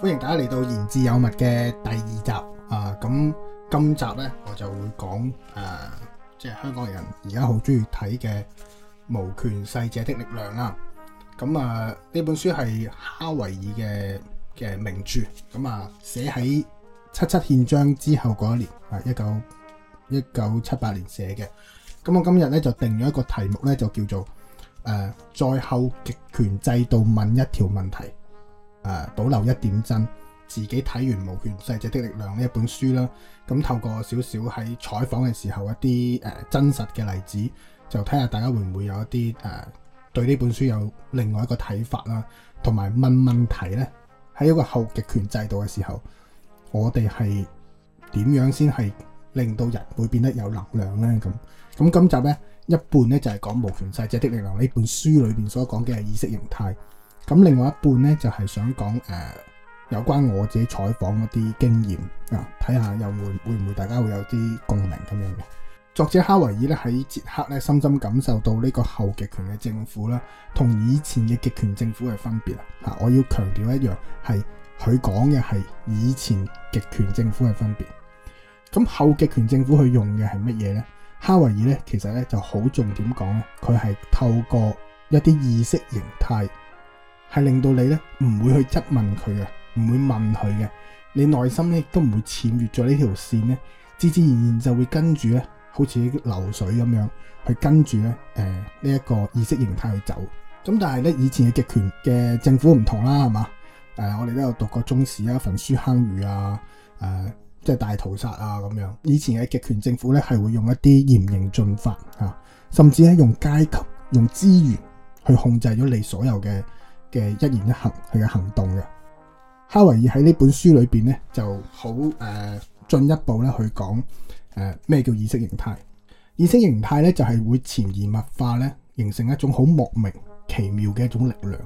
歡迎大家嚟到《言之有物》嘅第二集啊！咁今集咧，我就會講誒，即、啊、係、就是、香港人而家好中意睇嘅《無權勢者的力量》啦。咁啊，呢本書係哈維爾嘅嘅名著。咁啊，寫喺《七七憲章》之後嗰一年，係一九一九七八年寫嘅。咁、啊、我今日咧就定咗一個題目咧，就叫做誒，在、啊、後極權制度問一條問題。誒、啊，保留一點真，自己睇完《無權勢者的力量》呢一本書啦，咁透過少少喺採訪嘅時候一啲誒、呃、真實嘅例子，就睇下大家會唔會有一啲誒、呃、對呢本書有另外一個睇法啦，同埋問問題咧，喺一個後極權制度嘅時候，我哋係點樣先係令到人會變得有能量咧？咁咁今集咧一半咧就係、是、講《無權勢者的力量》呢本書裏邊所講嘅意識形態。咁另外一半咧，就係、是、想講誒、呃、有關我自己採訪一啲經驗啊，睇下又會會唔會大家會有啲共鳴咁樣嘅、啊。作者哈維爾咧喺捷克咧深深感受到呢個後極權嘅政府啦，同以前嘅極權政府嘅分別啊。吓，我要強調一樣係佢講嘅係以前極權政府嘅分別。咁後極權政府佢用嘅係乜嘢咧？哈維爾咧其實咧就好重點講咧，佢係透過一啲意識形態。係令到你咧唔會去質問佢嘅，唔會問佢嘅。你內心咧亦都唔會僭越咗呢條線咧，自自然然就會跟住咧，好似流水咁樣去跟住咧。誒呢一個意識形態去走咁，但係咧以前嘅極權嘅政府唔同啦，係嘛？誒，我哋都有讀過中史啊，焚書坑儒啊，誒即係大屠殺啊咁樣。以前嘅極權政府咧係會用一啲嚴刑峻法甚至咧用階級、用資源去控制咗你所有嘅嘅一言一行，佢嘅行動嘅，哈維爾喺呢本書裏邊咧，就好誒、呃、進一步咧去講誒咩、呃、叫意識形態。意識形態咧就係、是、會潛移默化咧，形成一種好莫名其妙嘅一種力量。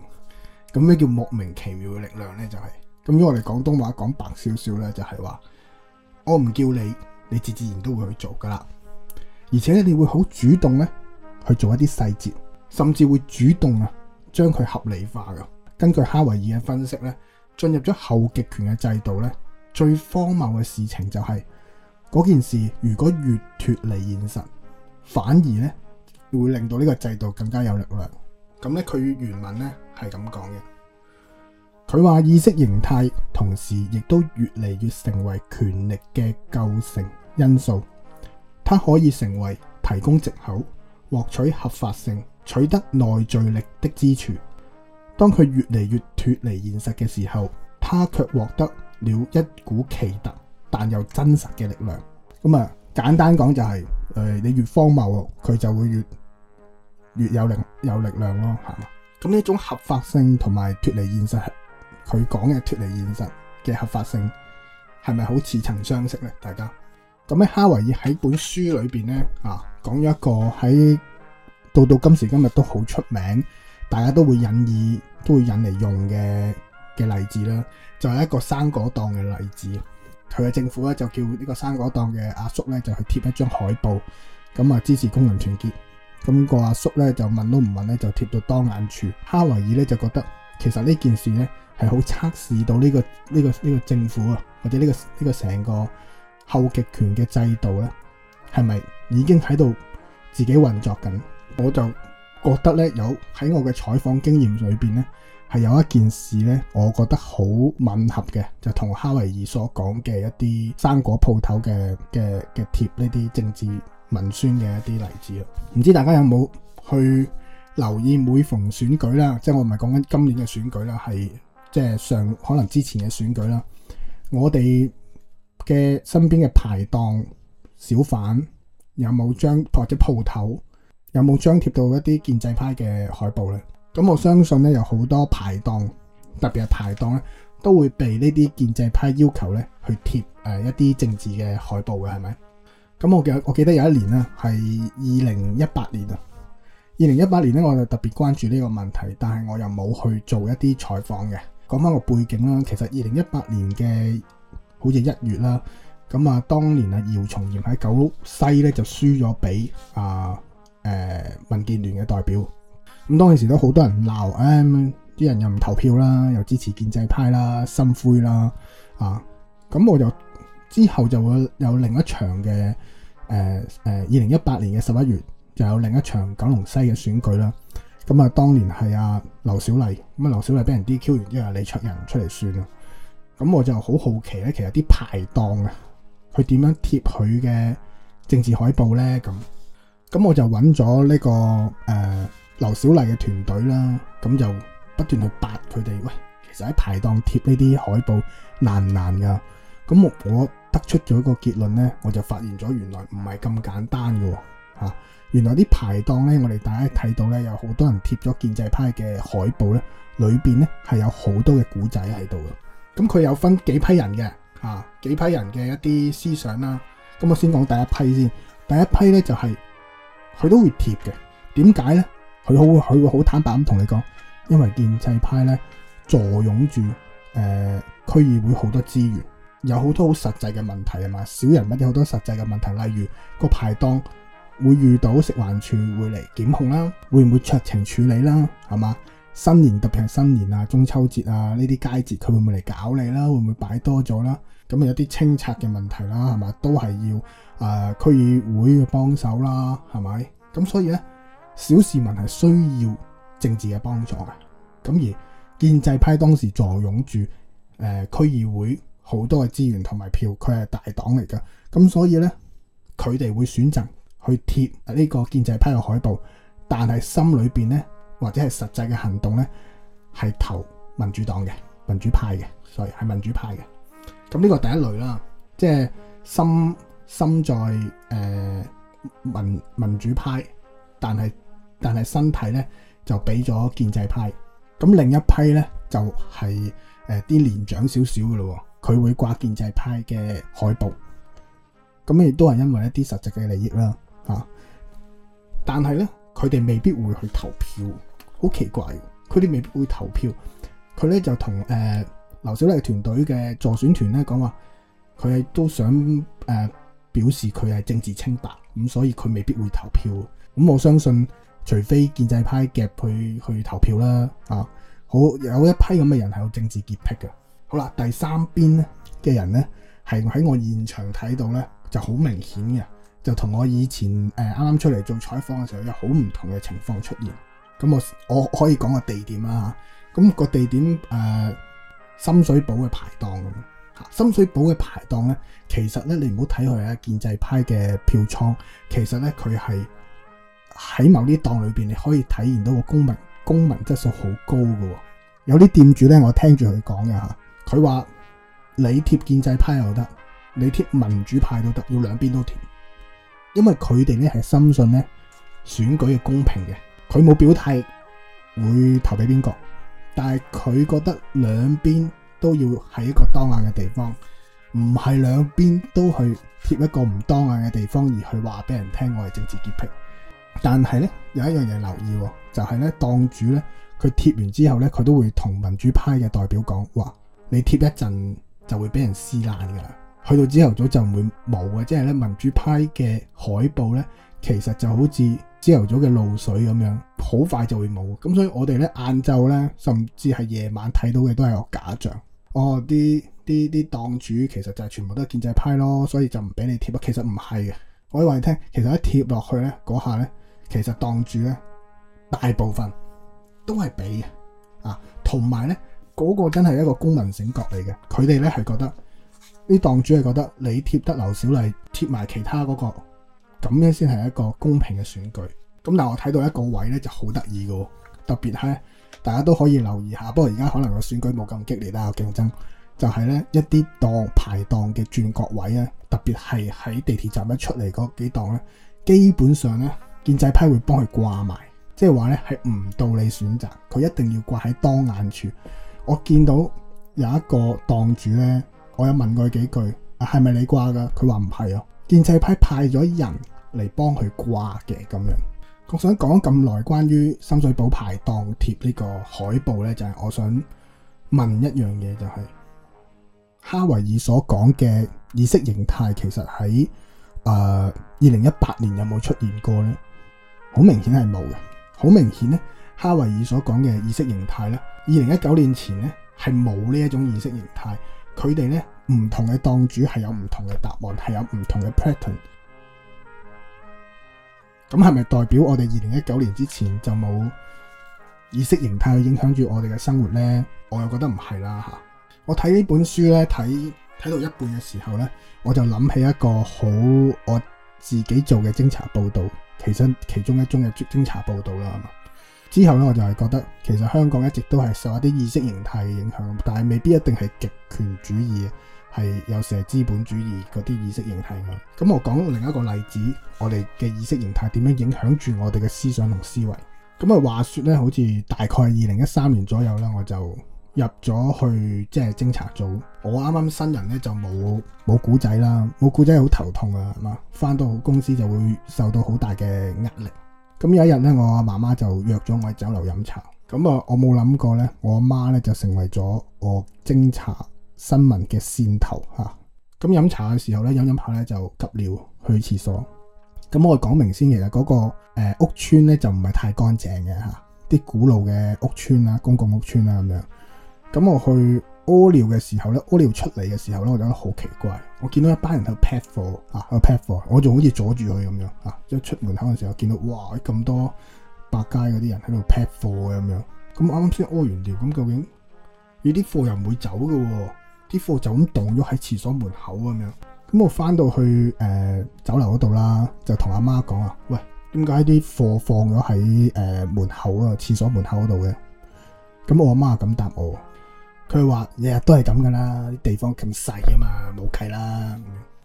咁咩叫莫名其妙嘅力量咧？就係、是、咁，如果我哋廣東話講白少少咧，就係、是、話我唔叫你，你自自然都會去做噶啦。而且你會好主動咧去做一啲細節，甚至會主動啊！將佢合理化㗎，根據哈維爾嘅分析咧，進入咗後極權嘅制度咧，最荒謬嘅事情就係嗰件事，如果越脫離現實，反而咧會令到呢個制度更加有力量。咁咧佢原文咧係咁講嘅，佢話意識形態同時亦都越嚟越成為權力嘅構成因素，它可以成為提供藉口，獲取合法性。取得內聚力的支柱。當佢越嚟越脫離現實嘅時候，他卻獲得了一股奇特但又真實嘅力量。咁、嗯、啊，簡單講就係、是，誒、呃，你越荒謬，佢就會越越有力越有力量咯，係嘛？咁呢一種合法性同埋脫離現實，佢講嘅脫離現實嘅合法性，係咪好似曾相識呢？大家咁咧，哈維爾喺本書裏邊咧啊，講咗一個喺到到今時今日都好出名，大家都會引以都會引嚟用嘅嘅例子啦。就係一個生果檔嘅例子，佢嘅政府咧就叫呢個生果檔嘅阿叔咧就去貼一張海報，咁啊支持工人團結。咁個阿叔咧就問都唔問咧，就貼到當眼處。哈維爾咧就覺得其實呢件事咧係好測試到呢個呢個呢個政府啊，或者呢個呢個成個後極權嘅制度咧，係咪已經喺度自己運作緊？我就覺得咧，有喺我嘅採訪經驗裏邊咧，係有一件事咧，我覺得好吻合嘅，就同哈維爾所講嘅一啲生果鋪頭嘅嘅嘅貼呢啲政治文宣嘅一啲例子咯。唔知大家有冇去留意每逢選舉啦，即係我唔係講緊今年嘅選舉啦，係即係上可能之前嘅選舉啦，我哋嘅身邊嘅排檔小販有冇將或者鋪頭？有冇張貼，貼到一啲建制派嘅海報咧？咁我相信咧，有好多排檔，特別係排檔咧，都會被呢啲建制派要求咧去貼誒一啲政治嘅海報嘅，係咪？咁我記我記得有一年咧，係二零一八年啊，二零一八年咧，我就特別關注呢個問題，但係我又冇去做一啲採訪嘅。講返個背景啦，其實二零一八年嘅好似一月啦，咁啊，當年啊，姚松炎喺九西咧就輸咗俾啊。呃誒，民建聯嘅代表，咁當陣時都好多人鬧，誒、哎，啲人又唔投票啦，又支持建制派啦，心灰啦，啊，咁我就之後就會有另一場嘅，誒、啊、誒，二零一八年嘅十一月，就有另一場九龍西嘅選舉啦，咁啊，當年係阿劉小麗，咁啊劉小麗俾人 DQ 完之後，李卓人出嚟選啦，咁我就好好奇咧，其實啲排檔啊，佢點樣貼佢嘅政治海報咧？咁？咁我就揾咗呢個誒、呃、劉小麗嘅團隊啦。咁就不斷去八佢哋，喂，其實喺排檔貼呢啲海報難唔難噶？咁我得出咗一個結論咧，我就發現咗原來唔係咁簡單嘅嚇、啊。原來啲排檔咧，我哋大家睇到咧，有好多人貼咗建制派嘅海報咧，裏邊咧係有好多嘅古仔喺度嘅。咁佢有分幾批人嘅嚇、啊，幾批人嘅一啲思想啦。咁我先講第一批先，第一批咧就係、是。佢都會貼嘅，點解咧？佢好，佢會好坦白咁同你講，因為建制派咧，坐擁住誒區議會好多資源，有好多好實際嘅問題吖嘛，小人物有好多實際嘅問題，例如個排檔會遇到食環署會嚟檢控啦，會唔會酌情處理啦，係嘛？新年特別係新年啊，中秋節啊，呢啲佳節佢會唔會嚟搞你啦？會唔會擺多咗啦？咁有啲清拆嘅問題啦，係嘛都係要誒、呃、區議會嘅幫手啦，係咪？咁所以咧，小市民係需要政治嘅幫助嘅、啊。咁而建制派當時坐擁住誒、呃、區議會好多嘅資源同埋票，佢係大黨嚟㗎。咁所以咧，佢哋會選擇去貼呢個建制派嘅海報，但係心裏邊咧。或者係實際嘅行動咧，係投民主黨嘅民主派嘅，所以係民主派嘅。咁呢個係第一類啦，即係心心在誒、呃、民民主派，但係但係身體咧就俾咗建制派。咁另一批咧就係誒啲年長少少嘅咯，佢會掛建制派嘅海報。咁亦都係因為一啲實際嘅利益啦，吓、啊。但係咧。佢哋未必會去投票，好奇怪。佢哋未必會投票。佢咧就同誒、呃、劉小麗團隊嘅助選團咧講話，佢係都想誒、呃、表示佢係政治清白，咁所以佢未必會投票。咁我相信，除非建制派夾佢去投票啦，啊，好有一批咁嘅人係有政治潔癖嘅。好啦，第三邊咧嘅人咧，係喺我現場睇到咧就好明顯嘅。就同我以前啱啱、呃、出嚟做採訪嘅時候，有好唔同嘅情況出現。咁我我可以講個地點啦嚇。咁、啊個地點誒深水埗嘅排檔嚇，深水埗嘅排檔咧、啊，其實咧你唔好睇佢係建制派嘅票倉，其實咧佢係喺某啲檔裏面，你可以體驗到個公民公民質素好高喎、哦。有啲店主咧，我聽住佢講嘅嚇，佢話你貼建制派又得，你貼民主派都得，要兩邊都貼。因為佢哋咧係深信咧選舉嘅公平嘅，佢冇表態會投俾邊個，但係佢覺得兩邊都要喺一個當眼嘅地方，唔係兩邊都去貼一個唔當眼嘅地方而去話俾人聽我係政治潔癖。但係咧有一樣嘢留意，就係、是、咧檔主咧佢貼完之後咧，佢都會同民主派嘅代表講話，你貼一陣就會俾人撕爛噶啦。去到朝頭早就唔會冇嘅，即係咧民主派嘅海報咧，其實就好似朝頭早嘅露水咁樣，好快就會冇。咁所以我哋咧晏晝咧，甚至係夜晚睇到嘅都係個假象。哦，啲啲啲檔主其實就係全部都係建制派咯，所以就唔俾你貼啊。其實唔係嘅，我話你聽，其實一貼落去咧嗰下咧，其實檔主咧大部分都係俾嘅啊。同埋咧嗰個真係一個公民醒覺嚟嘅，佢哋咧係覺得。啲檔主係覺得你貼得劉小麗貼埋其他嗰個咁樣先係一個公平嘅選舉。咁但我睇到一個位咧就好得意嘅，特別係大家都可以留意下。不過而家可能個選舉冇咁激烈啦，有競爭就係咧一啲檔排檔嘅轉角位咧，特別係喺地鐵站一出嚟嗰幾檔咧，基本上咧建制派會幫佢掛埋，即係話咧係唔到你選擇，佢一定要掛喺當眼處。我見到有一個檔主咧。我有問過佢幾句，係咪你掛㗎？佢話唔係啊。建制派派咗人嚟幫佢掛嘅咁樣。我想講咁耐關於深水埗排檔貼呢個海報咧，就係我想問一樣嘢，就係哈維爾所講嘅意識形態其實喺誒二零一八年有冇出現過咧？好明顯係冇嘅。好明顯咧，哈維爾所講嘅意識形態咧，二零一九年前咧係冇呢一種意識形態。佢哋咧，唔同嘅檔主係有唔同嘅答案，係有唔同嘅 pattern。咁係咪代表我哋二零一九年之前就冇意識形態去影響住我哋嘅生活呢？我又覺得唔係啦吓。我睇呢本書咧，睇睇到一半嘅時候咧，我就諗起一個好我自己做嘅偵查報道，其實其中一宗嘅偵查報道啦，係嘛。之後咧，我就係覺得其實香港一直都係受一啲意識形態嘅影響，但係未必一定係極權主義，係有時係資本主義嗰啲意識形態嘛。咁我講另一個例子，我哋嘅意識形態點樣影響住我哋嘅思想同思維。咁啊，話說咧，好似大概二零一三年左右啦，我就入咗去即係、就是、偵察組。我啱啱新人咧就冇冇古仔啦，冇古仔好頭痛啊，係嘛？翻到公司就會受到好大嘅壓力。咁有一日咧，我阿媽媽就約咗我喺酒樓飲茶。咁啊，我冇諗過咧，我阿媽咧就成為咗我偵查新聞嘅線頭嚇。咁、啊、飲茶嘅時候咧，飲飲下咧就急尿去廁所。咁我講明先，其實嗰個、呃、屋邨咧就唔係太乾淨嘅嚇，啲、啊、古老嘅屋邨啦、公共屋邨啦咁樣。咁我去。屙尿嘅時候咧，屙尿出嚟嘅時候咧，我覺得好奇怪。我見到一班人喺度撇貨啊，喺度撇貨，我仲好似阻住佢咁樣啊。即係出門口嘅時候，見到哇，咁多百佳嗰啲人喺度撇貨嘅咁樣。咁啱啱先屙完尿，咁究竟呢啲貨又唔會走噶？啲貨就咁凍咗喺廁所門口咁樣。咁我翻到去誒、呃、酒樓嗰度啦，就同阿媽講啊，喂，點解啲貨放咗喺誒門口啊廁所門口嗰度嘅？咁我阿媽咁答我。佢話：日日都係咁噶啦，啲地方咁細啊嘛，冇計啦。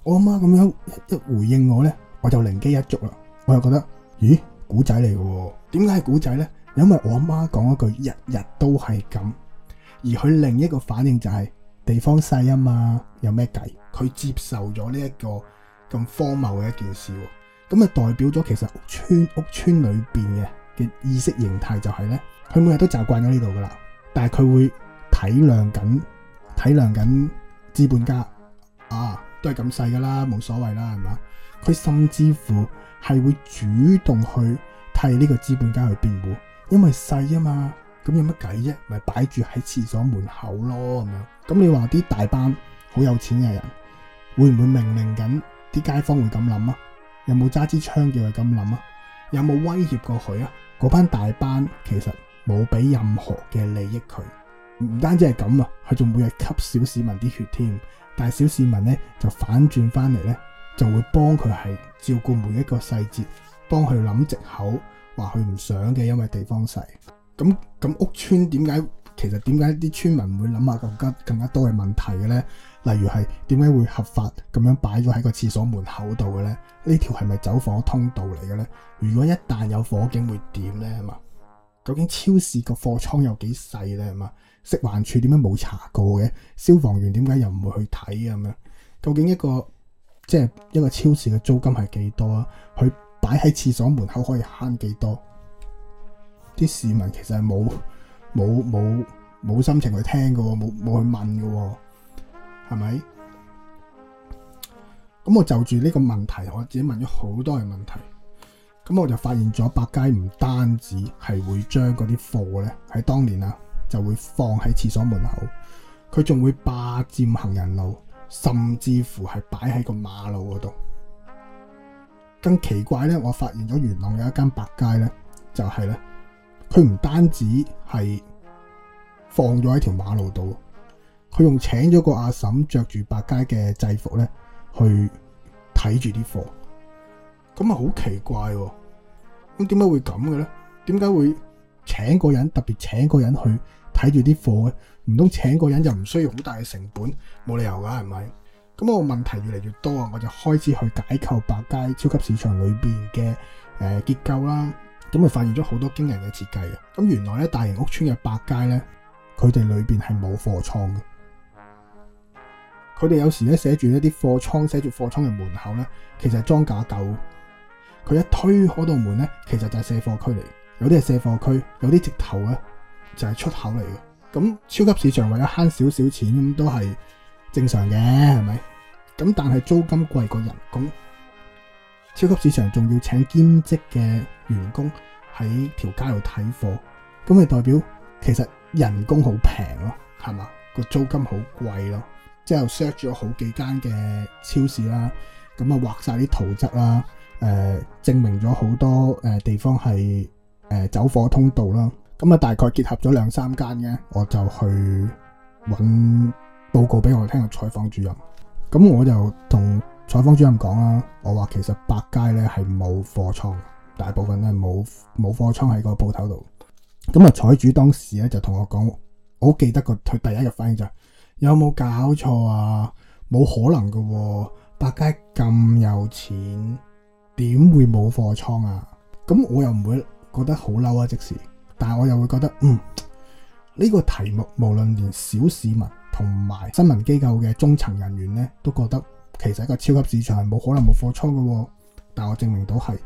我阿媽咁樣一,一回應我咧，我就靈機一觸啦。我就覺得咦，古仔嚟嘅喎，點解係古仔咧？因為我阿媽講一句日日都係咁，而佢另一個反應就係、是、地方細啊嘛，有咩計？佢接受咗呢一個咁荒謬嘅一件事，咁啊代表咗其實屋村屋村裏邊嘅嘅意識形態就係咧，佢每日都習慣咗呢度噶啦，但係佢會。體諒緊，體諒緊資本家啊，都係咁細㗎啦，冇所謂啦，係嘛？佢甚至乎係會主動去替呢個資本家去辯護，因為細啊嘛，咁有乜計啫？咪擺住喺廁所門口咯咁樣。咁你話啲大班好有錢嘅人會唔會命令緊啲街坊會咁諗啊？有冇揸支槍叫佢咁諗啊？有冇威脅過佢啊？嗰班大班其實冇俾任何嘅利益佢。唔單止係咁啊，佢仲每日吸小市民啲血添，但係小市民咧就反轉翻嚟咧，就會幫佢係照顧每一個細節，幫佢諗藉口話佢唔想嘅，因為地方細，咁咁屋村點解其實點解啲村民會諗下更加更加多嘅問題嘅咧？例如係點解會合法咁樣擺咗喺個廁所門口度嘅咧？呢條係咪走火通道嚟嘅咧？如果一旦有火警會點咧？係嘛？究竟超市個貨倉有幾細咧？係嘛？食環署點解冇查過嘅？消防員點解又唔會去睇咁樣？究竟一個即係一個超市嘅租金係幾多啊？佢擺喺廁所門口可以慳幾多？啲市民其實係冇冇冇冇心情去聽㗎喎，冇冇去問㗎喎，係咪？咁我就住呢個問題，我自己問咗好多嘅問題，咁我就發現咗百佳唔單止係會將嗰啲貨咧喺當年啊。就會放喺廁所門口，佢仲會霸佔行人路，甚至乎係擺喺個馬路嗰度。更奇怪咧，我發現咗元朗有一間百佳咧，就係、是、咧，佢唔單止係放咗喺條馬路度，佢仲請咗個阿嬸着住百佳嘅制服咧，去睇住啲貨。咁啊好奇怪、哦，咁點解會咁嘅咧？點解會請個人特別請個人去？睇住啲貨咧，唔通請個人就唔需要好大嘅成本，冇理由噶，係咪？咁我問題越嚟越多啊，我就開始去解構百佳超級市場裏邊嘅誒結構啦。咁啊，發現咗好多驚人嘅設計啊！咁原來咧，大型屋村嘅百佳咧，佢哋裏邊係冇貨倉嘅。佢哋有時咧寫住一啲貨倉，寫住貨倉嘅門口咧，其實係裝假狗。佢一推開道門咧，其實就係卸貨區嚟。有啲係卸貨區，有啲直頭啊！就係、是、出口嚟嘅，咁超級市場為咗慳少少錢咁都係正常嘅，係咪？咁但係租金貴過人工，超級市場仲要請兼職嘅員工喺條街度睇貨，咁咪代表其實人工好平咯，係嘛？個租金好貴咯，之後 search 咗好幾間嘅超市啦，咁啊畫晒啲圖質啦，誒、呃、證明咗好多地方係、呃、走火通道啦。咁啊，大概結合咗兩三間嘅，我就去揾報告俾我聽。個採訪主任咁，我就同採訪主任講啦。我話其實百佳咧係冇貨倉，大部分都係冇冇貨倉喺個鋪頭度。咁啊，採主當時咧就同我講，我好記得個佢第一日反應就係，有冇搞錯啊？冇可能噶喎，啊，百佳咁有錢點會冇貨倉啊？咁我又唔會覺得好嬲啊，即時。但係我又會覺得，嗯呢、呢個題目無論連小市民同埋新聞機構嘅中層人員咧，都覺得其實一個超級市場係冇可能冇貨倉嘅、哦。但我證明到係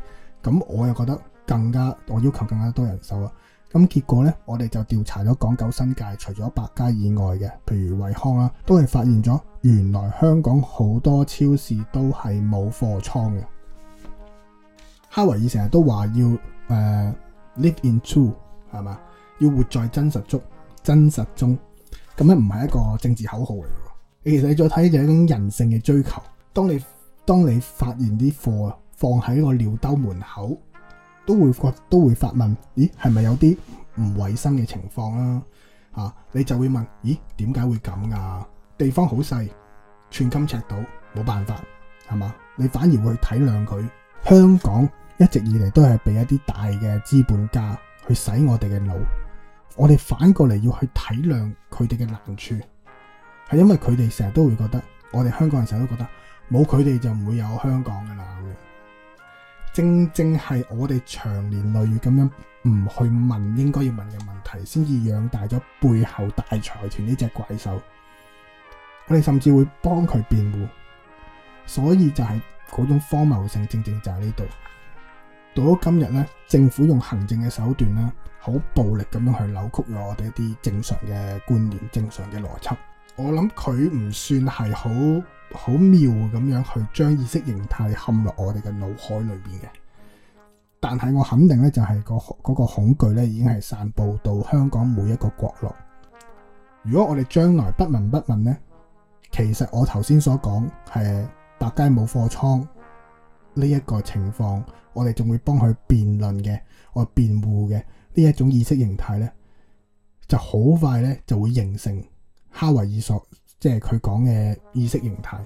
咁，噉我又覺得更加我要求更加多人手啦。咁結果咧，我哋就調查咗港九新界除咗百佳以外嘅，譬如惠康啦,都係發現咗原來香港好多超市都係冇貨倉嘅。哈維爾成日都話要誒、呃、live in two。係嘛？要活在真實中，真實中咁樣，唔係一個政治口號嚟嘅。你其實你再睇就係一種人性嘅追求。當你當你發現啲貨放喺個尿兜門口，都會覺都會發問：咦，係咪有啲唔衞生嘅情況呀？嚇、啊，你就會問：咦，點解會咁啊？地方好細，寸金尺土，冇辦法係嘛？你反而會體諒佢。香港一直以嚟都係俾一啲大嘅資本家。去洗我哋嘅腦，我哋反過嚟要去體諒佢哋嘅難處，係因為佢哋成日都會覺得，我哋香港人成日都覺得冇佢哋就唔會有香港嘅啦。正正係我哋長年累月咁樣唔去問應該要問嘅問題，先至養大咗背後大財團呢隻怪獸。我哋甚至會幫佢辯護，所以就係嗰種荒謬性，正正就係呢度。到咗今日咧，政府用行政嘅手段咧，好暴力咁樣去扭曲咗我哋一啲正常嘅觀念、正常嘅邏輯。我諗佢唔算係好好妙咁樣去將意識形態陷落我哋嘅腦海裏邊嘅。但係我肯定咧、那個，就係個個恐懼咧，已經係散佈到香港每一個角落。如果我哋將來不聞不問咧，其實我頭先所講係百佳冇貨倉。呢、這、一個情況，我哋仲會幫佢辯論嘅，我辯護嘅呢一種意識形態咧，就好快咧就會形成哈維爾所即係佢講嘅意識形態，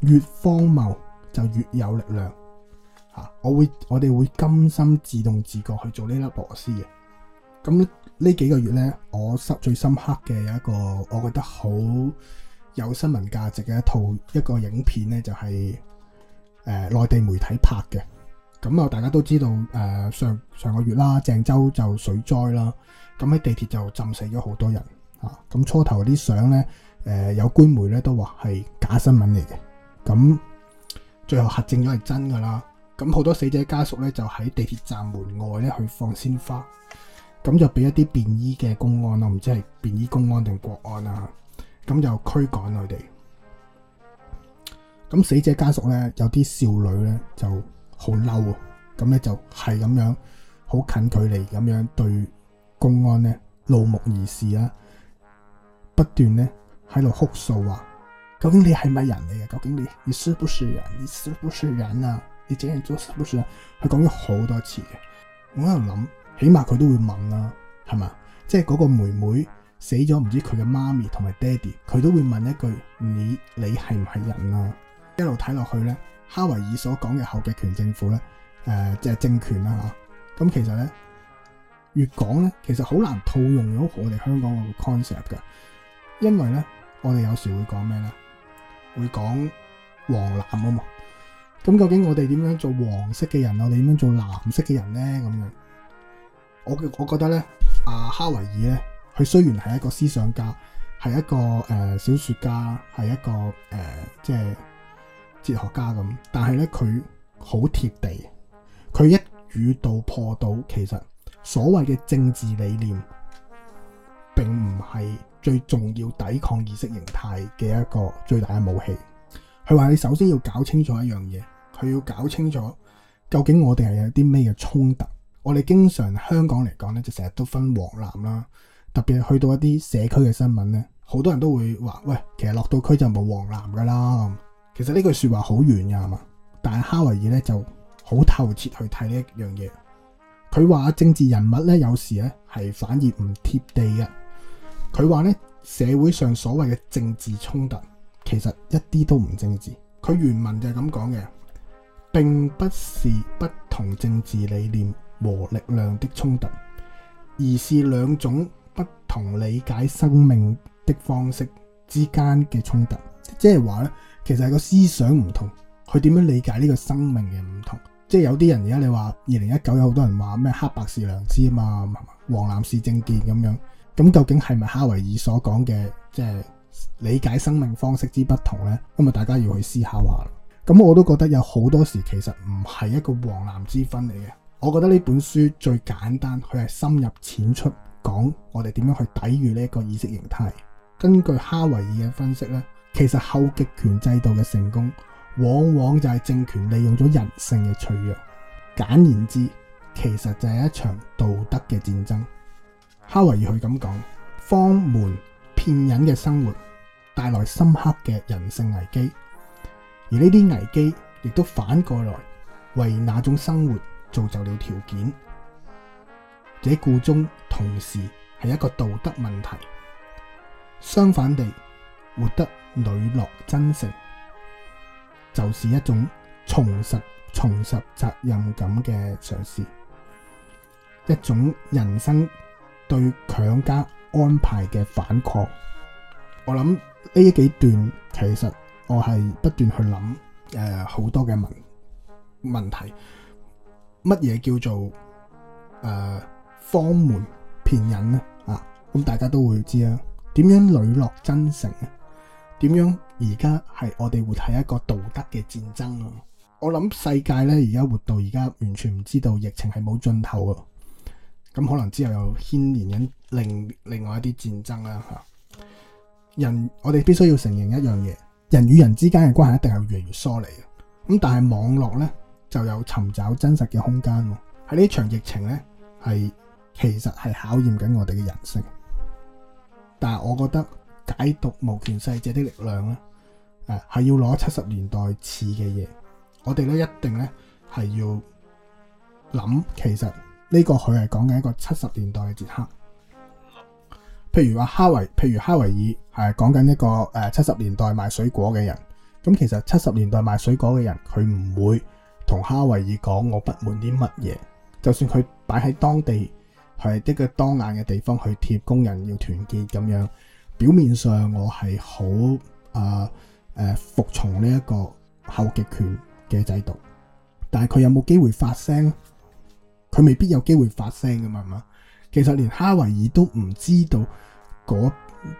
越荒謬就越有力量嚇。我會我哋會甘心自動自覺去做呢粒螺絲嘅。咁呢幾個月咧，我深最深刻嘅有一個，我覺得好有新聞價值嘅一套一個影片咧，就係。誒、呃，內地媒體拍嘅，咁、嗯、啊，大家都知道，誒、呃、上上個月啦，鄭州就水災啦，咁喺地鐵就浸死咗好多人，嚇、啊，咁初頭啲相咧，誒、呃、有官媒咧都話係假新聞嚟嘅，咁、嗯、最後核證咗係真㗎喇，咁好多死者家屬咧就喺地鐵站門外咧去放鮮花，咁就俾一啲便衣嘅公安啊，唔知係便衣公安定國安啊，咁就驅趕佢哋。咁死者家屬咧，有啲少女咧就好嬲啊！咁咧就係咁樣，好近距離咁樣對公安咧怒目而視啊！不斷咧喺度哭訴話：究竟你係咪人嚟嘅？究竟你你是不是人？你是不是人啊？你竟然做是不是人？佢講咗好多次嘅。我喺度諗，起碼佢都會問啦、啊，係咪？即係嗰個妹妹死咗，唔知佢嘅媽咪同埋爹哋，佢都會問一句：你你係唔係人啊？一路睇落去咧，哈維爾所講嘅後極權政府咧，誒，即係政權啦吓。咁其實咧，越講咧，其實好難套用咗我哋香港個 concept 㗎，因為咧，我哋有時會講咩咧？會講黃藍啊嘛。咁究竟我哋點樣做黃色嘅人，我哋點樣做藍色嘅人咧？咁樣，我我覺得咧，阿哈維爾咧，佢雖然係一個思想家，係一個誒小說家，係一個誒即係。哲學家咁，但係咧，佢好貼地。佢一語道破到，其實所謂嘅政治理念並唔係最重要，抵抗意識形態嘅一個最大嘅武器。佢話：你首先要搞清楚一樣嘢，佢要搞清楚究竟我哋係有啲咩嘅衝突。我哋經常香港嚟講咧，就成日都分黃藍啦。特別去到一啲社區嘅新聞咧，好多人都會話：喂，其實落到區就冇黃藍㗎啦。其實呢句說話好遠噶，係嘛？但係哈維爾咧就好透徹去睇呢一樣嘢。佢話政治人物咧，有時咧係反而唔貼地嘅。佢話咧，社會上所謂嘅政治衝突，其實一啲都唔政治。佢原文就係咁講嘅，並不是不同政治理念和力量的衝突，而是兩種不同理解生命的方式之間嘅衝突。即係話咧。其實係個思想唔同，佢點樣理解呢個生命嘅唔同，即係有啲人而家你話二零一九有好多人話咩黑白是良知啊嘛，黃藍是政見咁樣，咁究竟係咪哈維爾所講嘅即係理解生命方式之不同呢？咁啊，大家要去思考下。咁我都覺得有好多時其實唔係一個黃藍之分嚟嘅。我覺得呢本書最簡單，佢係深入淺出講我哋點樣去抵禦呢一個意識形態。根據哈維爾嘅分析呢。其實後極權制度嘅成功，往往就係政權利用咗人性嘅脆弱。簡言之，其實就係一場道德嘅戰爭。哈維爾佢咁講：荒門騙人嘅生活帶來深刻嘅人性危機，而呢啲危機亦都反過來為那種生活造就了條件。這故中同時係一個道德問題。相反地，活得磊落真誠，就是一種重拾重拾責任感嘅嘗試，一種人生對強加安排嘅反抗。我諗呢幾段其實我係不斷去諗誒，好、呃、多嘅問問題，乜嘢叫做誒、呃、方門騙人呢？啊，咁、嗯、大家都會知啦。點樣磊落真誠啊？點樣？而家係我哋活喺一個道德嘅戰爭咯、啊。我諗世界咧，而家活到而家，完全唔知道疫情係冇盡頭嘅。咁可能之後又牽連緊另另外一啲戰爭啦、啊、吓。人，我哋必須要承認一樣嘢，人與人之間嘅關係一定係越嚟越疏離嘅。咁但係網絡咧就有尋找真實嘅空間喎。喺呢場疫情咧，係其實係考驗緊我哋嘅人性。但係我覺得。解讀無權勢者的力量咧，誒係要攞七十年代似嘅嘢。我哋都一定咧係要諗，其實呢個佢係講緊一個七十年代嘅捷克，譬如話哈維，譬如哈維爾係講緊一個誒七十年代賣水果嘅人。咁其實七十年代賣水果嘅人佢唔會同哈維爾講我不滿啲乜嘢，就算佢擺喺當地喺啲個當眼嘅地方去貼工人要團結咁樣。表面上我係好啊誒服從呢一個後極權嘅制度，但係佢有冇機會發聲？佢未必有機會發聲㗎嘛，係嘛？其實連哈維爾都唔知道嗰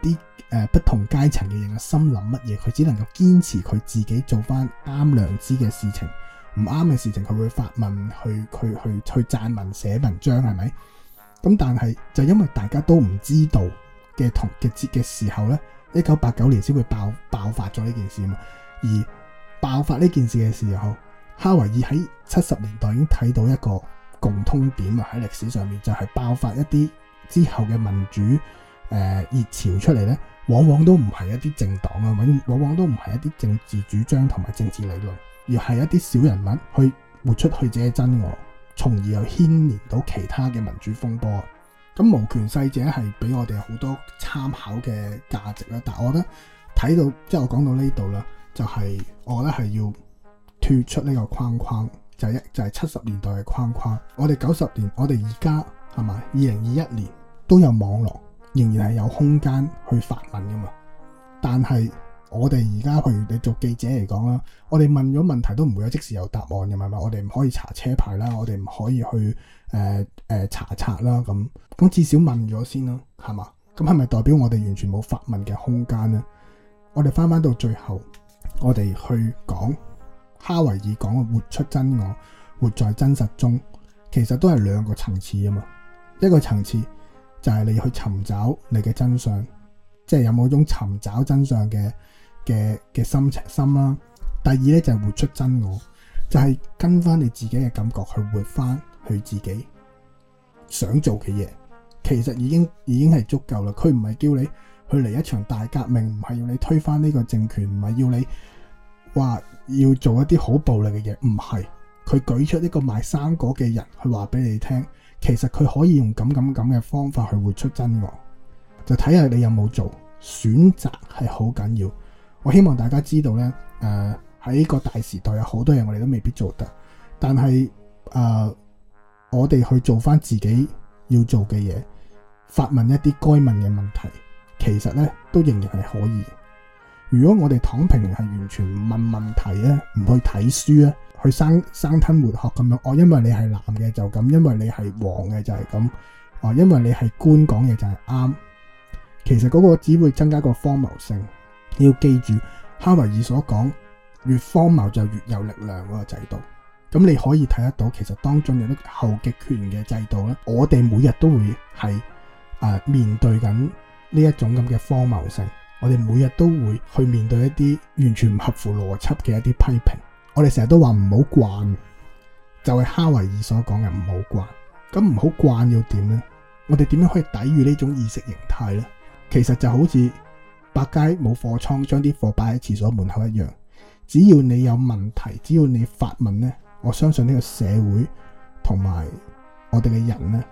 啲誒不同階層嘅人嘅心諗乜嘢，佢只能夠堅持佢自己做返啱良知嘅事情，唔啱嘅事情佢會發問去，去去去去撰文寫文章係咪？咁但係就因為大家都唔知道。嘅同嘅節嘅時候咧，一九八九年先會爆爆發咗呢件事嘛。而爆發呢件事嘅時候，哈維爾喺七十年代已經睇到一個共通點啊，喺歷史上面就係爆發一啲之後嘅民主誒熱潮出嚟咧，往往都唔係一啲政黨啊，往往往都唔係一啲政治主張同埋政治理論，而係一啲小人物去活出佢自己嘅真我，從而又牽連到其他嘅民主風波。咁無權勢者係俾我哋好多參考嘅價值啦，但係我覺得睇到即係我講到呢度啦，就係、是、我覺得係要脱出呢個框框，就係一就係七十年代嘅框框。我哋九十年，我哋而家係咪？二零二一年都有網絡，仍然係有空間去發問噶嘛，但係。我哋而家去，譬如你做記者嚟講啦。我哋問咗問題都唔會有即時有答案嘅，係咪？我哋唔可以查車牌啦，我哋唔可以去、呃呃、查冊啦。咁咁至少問咗先啦，係嘛？咁係咪代表我哋完全冇發問嘅空間咧？我哋翻翻到最後，我哋去講哈維爾講嘅活出真我，活在真實中，其實都係兩個層次啊嘛。一個層次就係你去尋找你嘅真相，即係有冇一種尋找真相嘅。嘅嘅心情心啦、啊。第二咧就係活出真我，就係跟翻你自己嘅感覺去活翻佢自己想做嘅嘢。其實已經已經係足夠啦。佢唔係叫你去嚟一場大革命，唔係要你推翻呢個政權，唔係要你話要做一啲好暴力嘅嘢。唔係，佢舉出一個賣生果嘅人去話俾你聽，其實佢可以用咁咁咁嘅方法去活出真我。就睇下你有冇做選擇，係好緊要。我希望大家知道咧，誒、呃、喺個大時代有好多嘢我哋都未必做得，但係、呃、我哋去做翻自己要做嘅嘢，發問一啲該問嘅問題，其實咧都仍然係可以。如果我哋躺平係完全唔問問題咧，唔去睇書咧，去生生吞活學咁樣，哦，因為你係藍嘅就咁，因為你係黃嘅就係咁，哦，因為你係官講嘢就係啱，其實嗰個只會增加個荒謬性。你要記住，哈維爾所講越荒謬就越有力量嗰個制度。咁你可以睇得到，其實當中有啲後極權嘅制度咧，我哋每日都會係啊、呃、面對緊呢一種咁嘅荒謬性。我哋每日都會去面對一啲完全唔合乎邏輯嘅一啲批評。我哋成日都話唔好慣，就係、是、哈維爾所講嘅唔好慣。咁唔好慣要點咧？我哋點樣可以抵禦呢種意識形態咧？其實就好似百佳冇貨倉，將啲貨擺喺廁所門口一樣。只要你有問題，只要你發問咧，我相信呢個社會同埋我哋嘅人咧，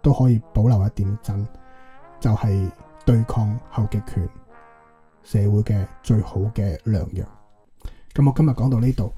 都可以保留一點真，就係、是、對抗後極權社會嘅最好嘅良藥。咁我今日講到呢度。